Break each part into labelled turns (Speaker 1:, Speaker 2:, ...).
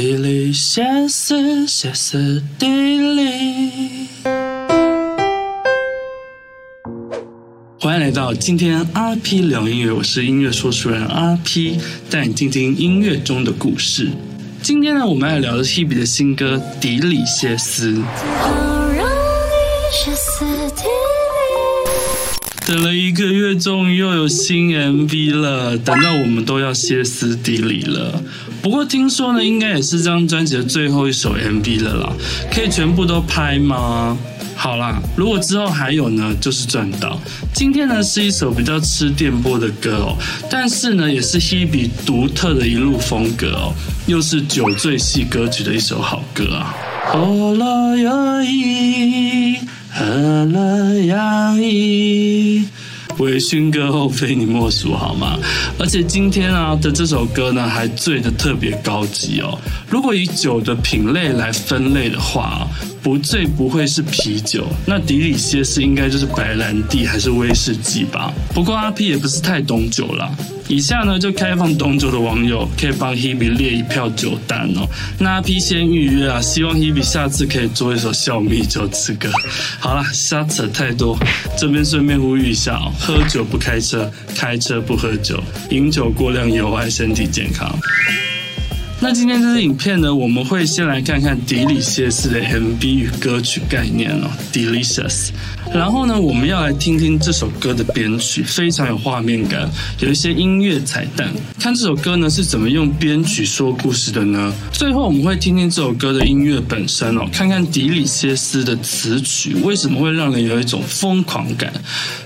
Speaker 1: 底里歇斯，歇斯底里。歡迎來到今天阿 P 聊音樂，我是音樂說書人阿 P，帶你聽聽音樂中的故事。今天呢，我們要聊的 Hebe 的新歌《底里歇斯》。等了一個月，終於又有新 MV 了，等到我們都要歇斯底里了。不過聽說呢，應該也是這張專輯的最後一首 MV 了啦，可以全部都拍嗎？好啦，如果之後還有呢，就是賺到。今天呢是一首比較吃電波的歌哦，但是呢也是 Hebe 獨特的一路風格哦，又是酒醉系歌曲的一首好歌啊。喝了洋溢，微醺歌后非你莫屬好嗎？而且今天啊的這首歌呢，還醉得特別高級哦。如果以酒的品類來分類的話，不醉不會是啤酒，那底里歇斯應該就是白蘭地還是威士忌吧？不過阿 P 也不是太懂酒了。以下呢就開放東酒的網友可以幫 Hebe 列一票酒單哦。那阿 P 先預約啊，希望 Hebe 下次可以做一首小米酒之歌。好了，瞎扯太多，這邊順便呼籲一下哦：喝酒不開車，開車不喝酒，飲酒過量有害身體健康。那今天這支影片呢，我們會先來看看底里歇斯的 MV 與歌曲概念哦，Delicious。然後呢，我們要來聽聽這首歌的編曲，非常有畫面感，有一些音樂彩蛋。看這首歌呢是怎麼用編曲說故事的呢？最後我們會聽聽這首歌的音樂本身哦，看看底里歇斯的詞曲為什麼會讓人有一種瘋狂感，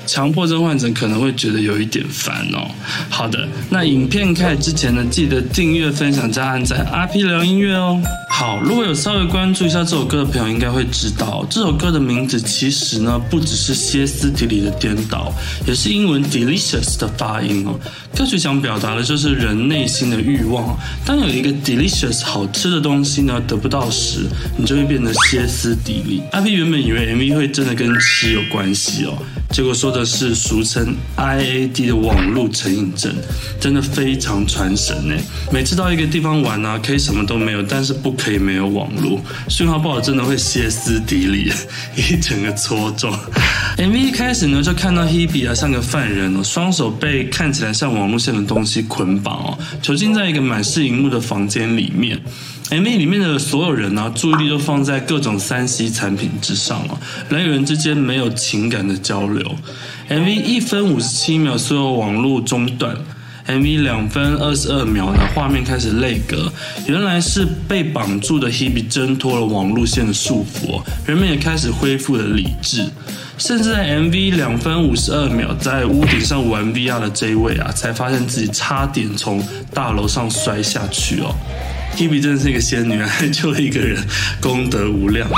Speaker 1: 強迫症患者可能會覺得有一點煩哦。好的，那影片開始之前呢，記得訂閱、分享，加。家。在阿 P 聊音樂哦。好，如果有稍微關注一下這首歌的朋友，應該會知道這首歌的名字其實呢，不只是歇斯底里的顛倒，也是英文 delicious 的發音哦。歌曲想表達的就是人內心的欲望，當有一個 delicious 好吃的東西呢，得不到時，你就會變得歇斯底里。阿 P 原本以為 MV 會真的跟吃有關係哦，結果說的是俗稱 IAD 的網絡成癮症，真的非常傳神呢。每次到一個地方我。啊，可以什麼都沒有，但是不可以沒有網絡。信號不好，真的會歇斯底里，一整個戳中。MV 一開始呢，就看到 Hebe 啊，像個犯人哦，雙手被看起來像網絡線的東西捆綁哦，囚禁在一個滿是熒幕的房間裡面。MV 裡面的所有人呢，注意力都放在各種三 C 產品之上哦，人與人之間沒有情感的交流。MV 一分五十七秒，所有網絡中斷。MV 兩分二十二秒的畫面開始累格，原來是被綁住的 Hebe 掙脫了網路線的束縛，人們也開始恢復了理智，甚至在 MV 兩分五十二秒，在屋頂上玩 VR 的這一位啊，才發現自己差點從大樓上摔下去哦。Hebe 真是一個仙女啊，救了一個人，功德無量啊。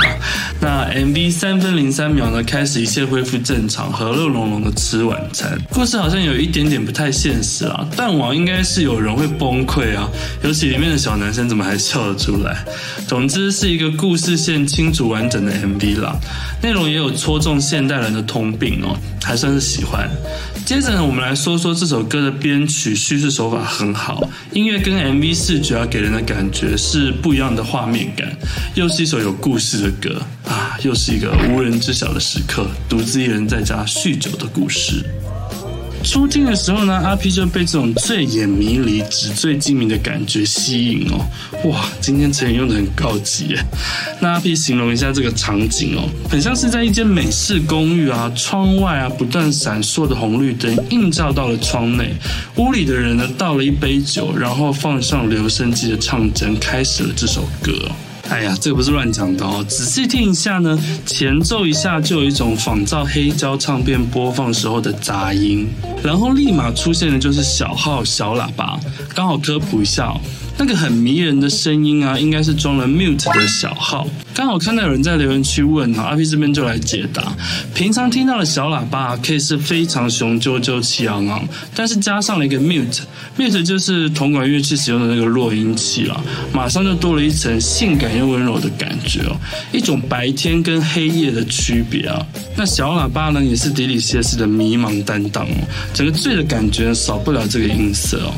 Speaker 1: 那 MV 三分零三秒呢，開始一切恢復正常，和樂融融的吃晚餐。故事好像有一點點不太現實啊，斷網應該是有人會崩潰啊，尤其裡面的小男生怎麼還笑得出來？總之是一個故事線清楚完整的 MV 啦，內容也有戳中現代人的通病哦，還算是喜歡。接着呢，我們來說說這首歌的編曲、敘事手法很好，音樂跟 MV 視覺要給人的感覺是不一樣的畫面感，又是一首有故事的歌啊，又是一個無人知曉的時刻，獨自一人在家酗酒的故事。初聽的時候呢，阿 P 就被這種醉眼迷離、紙醉金迷的感覺吸引哦。哇，今天成語用的很高級耶，那阿 P 形容一下這個場景哦，很像是在一間美式公寓啊，窗外啊不斷閃爍的紅綠燈映照到了窗內，屋裡的人呢倒了一杯酒，然後放上留聲機的唱針，開始了這首歌哦。哎呀，這個不是亂講的哦！仔細聽一下呢，前奏一下就有一種仿照黑膠唱片播放時候的雜音，然後立馬出現的就是小號、小喇叭，剛好科普一下哦。那個很迷人的聲音啊，應該是裝了 mute 的小號。剛好看到有人在留言區問啊，阿 P 這邊就來解答。平常聽到的小喇叭啊，可以是非常雄赳赳、氣昂昂，但是加上了一個 mute，mute mute 就是銅管樂器使用的那個弱音器啊，馬上就多了一層性感又溫柔的感覺哦，一種白天跟黑夜的區別啊。那小喇叭呢，也是底里歇斯的迷茫擔當哦，整個醉的感覺少不了這個音色哦。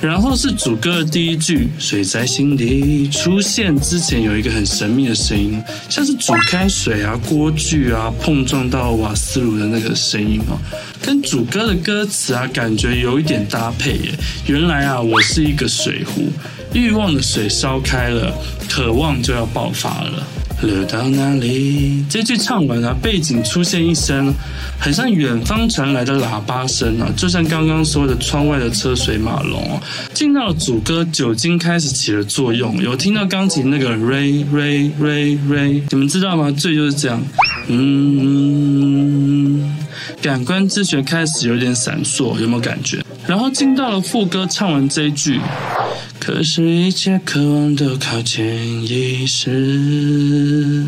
Speaker 1: 然後是主歌的第一句，水在心裡出現之前，有一個很神秘的聲音，像是煮開水啊、鍋具啊碰撞到瓦斯爐的那個聲音哦，跟主歌的歌詞啊感覺有一點搭配耶。原來啊，我是一個水壺，欲望的水燒開了，渴望就要爆發了。流到哪裡？這句唱完啊，背景出現一聲，很像遠方傳來的喇叭聲啊，就像剛剛說的窗外的車水馬龍啊。進到了主歌，酒精開始起了作用，有聽到鋼琴那個 ray ray ray ray，你們知道嗎？這就是這樣，嗯，感官知覺開始有點閃爍，有沒有感覺？然後進到了副歌，唱完這一句。可是，一切渴望都靠潛意識。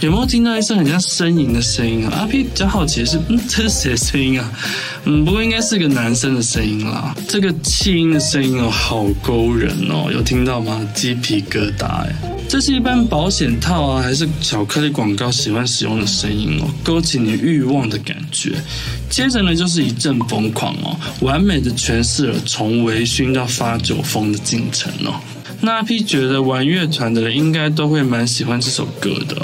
Speaker 1: 有沒有聽到一聲很像呻吟的聲音啊？阿 P 比較好奇的是，嗯，這是誰的聲音啊？嗯，不過應該是個男生的聲音啦。這個氣音的聲音哦，好勾人哦，有聽到嗎？雞皮疙瘩欸。這是一般保險套啊，還是巧克力廣告喜歡使用的聲音哦，勾起你欲望的感覺。接着呢，就是一陣瘋狂哦，完美的詮釋了從微醺到發酒瘋的進程哦。那 P 覺得玩樂團的人應該都會蠻喜歡這首歌的。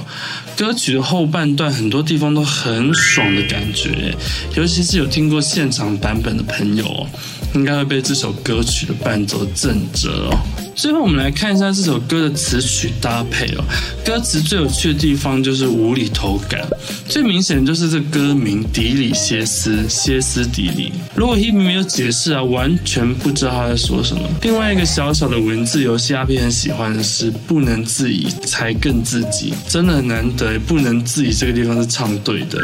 Speaker 1: 歌曲的後半段很多地方都很爽的感覺，尤其是有聽過現場版本的朋友哦，應該會被這首歌曲的伴奏震懾哦。最後我們來看一下這首歌的詞曲搭配哦、喔。歌詞最有趣的地方就是無厘頭感，最明顯的就是這歌名“底里歇斯歇斯底里”。如果 Hebe 沒有解釋啊，完全不知道他在說什麼。另外一個小小的文字遊戲、啊，阿 P 很喜歡的是“不能自已才更自己”，真的很難得、欸。不能自已這個地方是唱對的，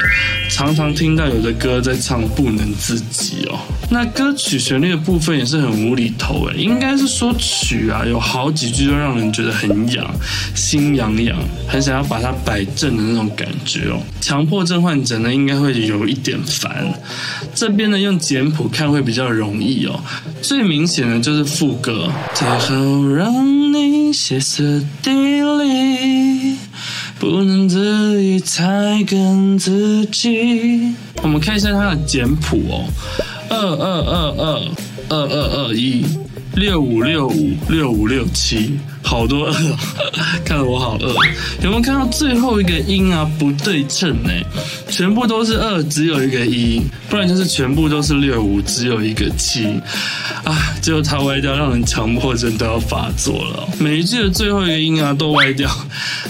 Speaker 1: 常常聽到有的歌在唱“不能自己”哦。那歌曲旋律的部分也是很無厘頭哎、欸，應該是說曲啊。有好幾句都讓人覺得很癢，心癢癢，很想要把它擺正的那種感覺哦。強迫症患者呢，應該會有一點煩。這邊呢，用簡譜看會比較容易哦。最明顯的就是副歌，最後讓你歇斯底里，不能自已才跟自己。我們看一下它的簡譜哦，二二二二二二二一。六五六五六五六七，好多二、哦，看得我好餓。有沒有看到最後一個音啊？不對稱哎、欸，全部都是二，只有一個一，不然就是全部都是六五，只有一個七。啊，最後它歪掉，讓人強迫症都要發作了、哦。每一句的最後一個音啊，都歪掉。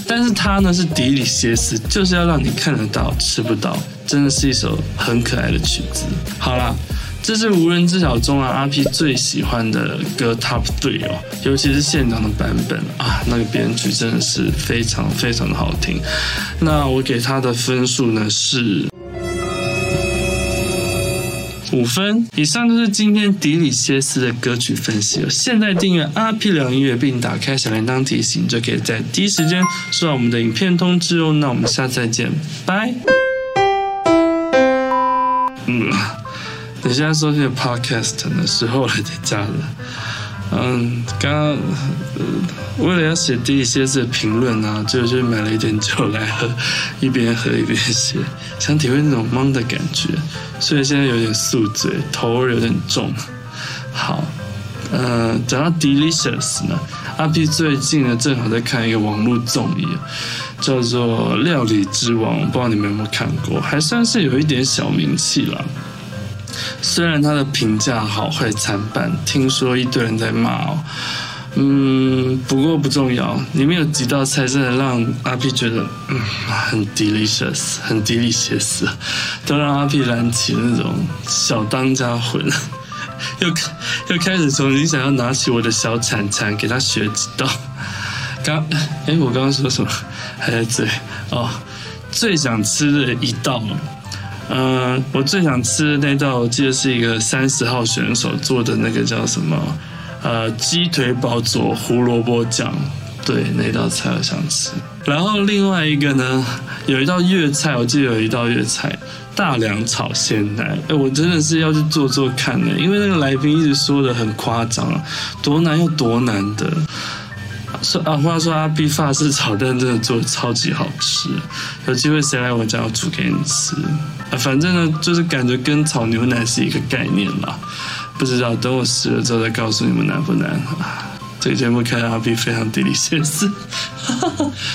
Speaker 1: 但是它呢，是底里歇斯，就是要讓你看得到，吃不到。真的是一首很可愛的曲子。好啦。這是無人知曉中啊，阿皮最喜歡的歌 top three、哦、尤其是現場的版本啊，那個編曲真的是非常非常的好聽。那我給他的分數呢是五分。以上就是今天底里歇斯的歌曲分析了。哦。現在訂閱阿皮聊音樂，並打開小鈴鐺提醒，就可以在第一時間收到我們的影片通知哦。那我們下次再見，拜。嗯。你現在說這個 podcast 呢是後來才加的。嗯，剛剛、呃、為了要寫底里歇斯這評論啊，就去買了一點酒來喝，一邊喝一邊寫，想體會那種懵的感覺，所以現在有點宿醉，頭有點重。好，嗯，講到 delicious 呢，阿 P 最近呢正好在看一個網絡綜藝、啊，叫做《料理之王》，我不知道你們有沒有看過，還算是有一點小名氣了。雖然他的評價好壞參半，聽說一堆人在罵哦。嗯，不過不重要。裡面有幾道菜真的讓阿 P 覺得，嗯，很 delicious，很 delicious，都讓阿 P 燃起那種小當家魂，又又開始重新想要拿起我的小鏟鏟給他學幾道。剛，哎、欸，我剛剛說什麼？還在嘴哦，最想吃的一道。嗯、呃，我最想吃的那道，我記得是一個三十號選手做的那個叫什麼，呃，雞腿堡佐胡蘿蔔醬，對，那道菜我想吃。然後另外一個呢，有一道粵菜，我記得有一道粵菜，大良炒鮮奶。哎、呃，我真的是要去做做看呢、欸，因為那個來賓一直說得很誇張，多難又多難的。說阿、啊、話說阿 B 法式炒蛋真的做的超級好吃，有機會誰來我家我煮給你吃。啊，反正呢，就是感覺跟炒牛奶是一個概念了。不知道等我死了之後再告訴你們難不難。啊，這個節目看到阿 B 非常底里歇斯哈哈。